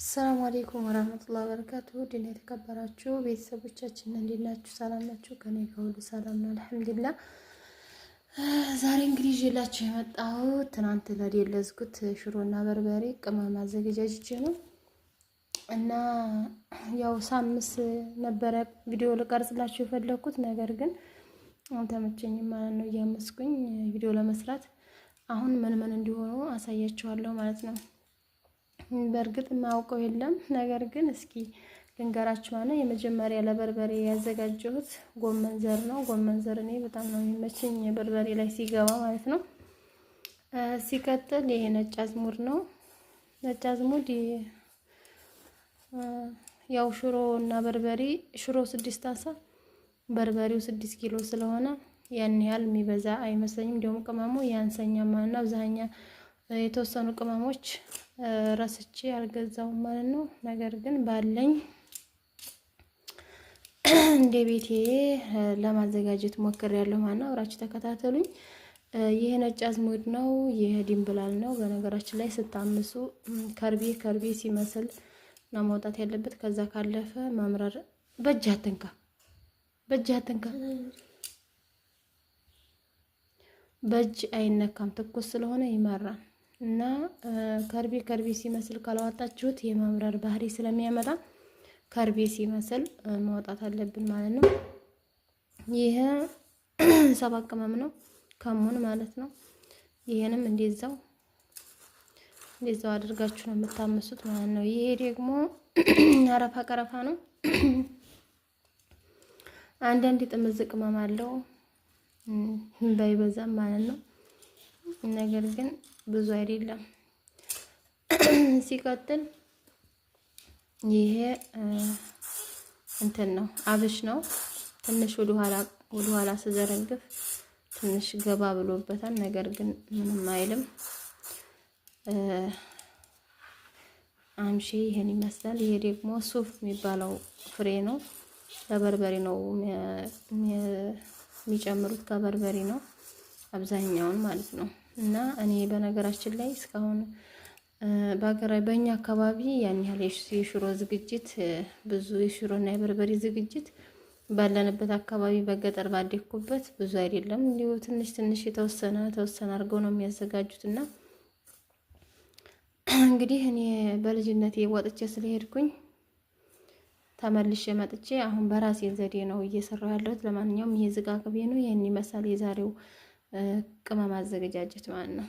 አሰላሙ አሌይኩም ወራህመቱላሂ በረካቱ ድና የተከበራችሁ ቤተሰቦቻችን እንዴት ናችሁ? ሰላም ናችሁ? ከኔ ጋር ሁሉ ሰላም ነው፣ አልሐምዱሊላህ። ዛሬ እንግዲህ ይዤላችሁ የመጣሁት ትናንት ለደለዝኩት ሽሮና በርበሬ ቅመም አዘገጃጅቼ ነው እና ያው ሳምስ ነበረ ቪዲዮ ልቀርጽላችሁ የፈለግኩት ነገር ግን ተመቸኝ ማለት ነው። እያመስኩኝ ቪዲዮ ለመስራት አሁን ምን ምን እንዲሆኑ አሳያችኋለሁ ማለት ነው። በእርግጥ ማውቀው የለም ነገር ግን እስኪ ልንገራችሁ ማለት ነው። የመጀመሪያ ለበርበሬ ያዘጋጀሁት ጎመን ዘር ነው። ጎመን ዘር እኔ በጣም ነው የሚመችኝ የበርበሬ ላይ ሲገባ ማለት ነው። ሲቀጥል ይሄ ነጭ አዝሙድ ነው። ነጭ አዝሙድ ያው ሽሮ እና በርበሬ ሽሮ ስድስት አሳ በርበሬው ስድስት ኪሎ ስለሆነ ያን ያህል የሚበዛ አይመስለኝም። እንዲሁም ቅመሙ ያንሰኛማ እና አብዛኛ የተወሰኑ ቅመሞች ረስቼ አልገዛውም ማለት ነው። ነገር ግን ባለኝ እንደ ቤቴ ለማዘጋጀት ሞክሬያለሁ ማለት ነው። አብራችሁ ተከታተሉኝ። ይሄ ነጭ አዝሙድ ነው። ይሄ ድንብላል ነው። በነገራችን ላይ ስታምሱ ከርቤ ከርቤ ሲመስል ነው መውጣት ያለበት። ከዛ ካለፈ መምረር በእጅ አትንካ፣ በእጅ አትንካ፣ በእጅ አይነካም። ትኩስ ስለሆነ ይመራል። እና ከርቤ ከርቤ ሲመስል ካላወጣችሁት የማምረር ባህሪ ስለሚያመጣ ከርቤ ሲመስል ማውጣት አለብን ማለት ነው። ይህ ሰባ ቅመም ነው፣ ከሙን ማለት ነው። ይህንም እንደዛው እንደዛው አድርጋችሁ ነው የምታመሱት ማለት ነው። ይሄ ደግሞ አረፋ ቀረፋ ነው። አንዳንድ ጥምዝ ቅመም አለው ባይበዛም ማለት ነው። ነገር ግን ብዙ አይደለም። ሲቀጥል ይሄ እንትን ነው አብሽ ነው። ትንሽ ወደኋላ ወደኋላ ስዘረግፍ ትንሽ ገባ ብሎበታል። ነገር ግን ምንም አይልም። አምሼ ይሄን ይመስላል። ይሄ ደግሞ ሱፍ የሚባለው ፍሬ ነው። ለበርበሬ ነው የሚጨምሩት፣ ከበርበሬ ነው አብዛኛውን ማለት ነው። እና እኔ በነገራችን ላይ እስካሁን በሀገራዊ በእኛ አካባቢ ያን ያህል የሽሮ ዝግጅት ብዙ የሽሮ የሽሮና የበርበሬ ዝግጅት ባለንበት አካባቢ በገጠር ባደግኩበት ብዙ አይደለም። እንዲሁ ትንሽ ትንሽ የተወሰነ ተወሰነ አድርገው ነው የሚያዘጋጁት እና እንግዲህ እኔ በልጅነት ወጥቼ ስለሄድኩኝ ተመልሼ መጥቼ አሁን በራሴ ዘዴ ነው እየሰራሁ ያለሁት። ለማንኛውም ይሄ ዝቃቅቤ ነው። ይህን ይመስላል የዛሬው ቅመም አዘገጃጀት ማለት ነው።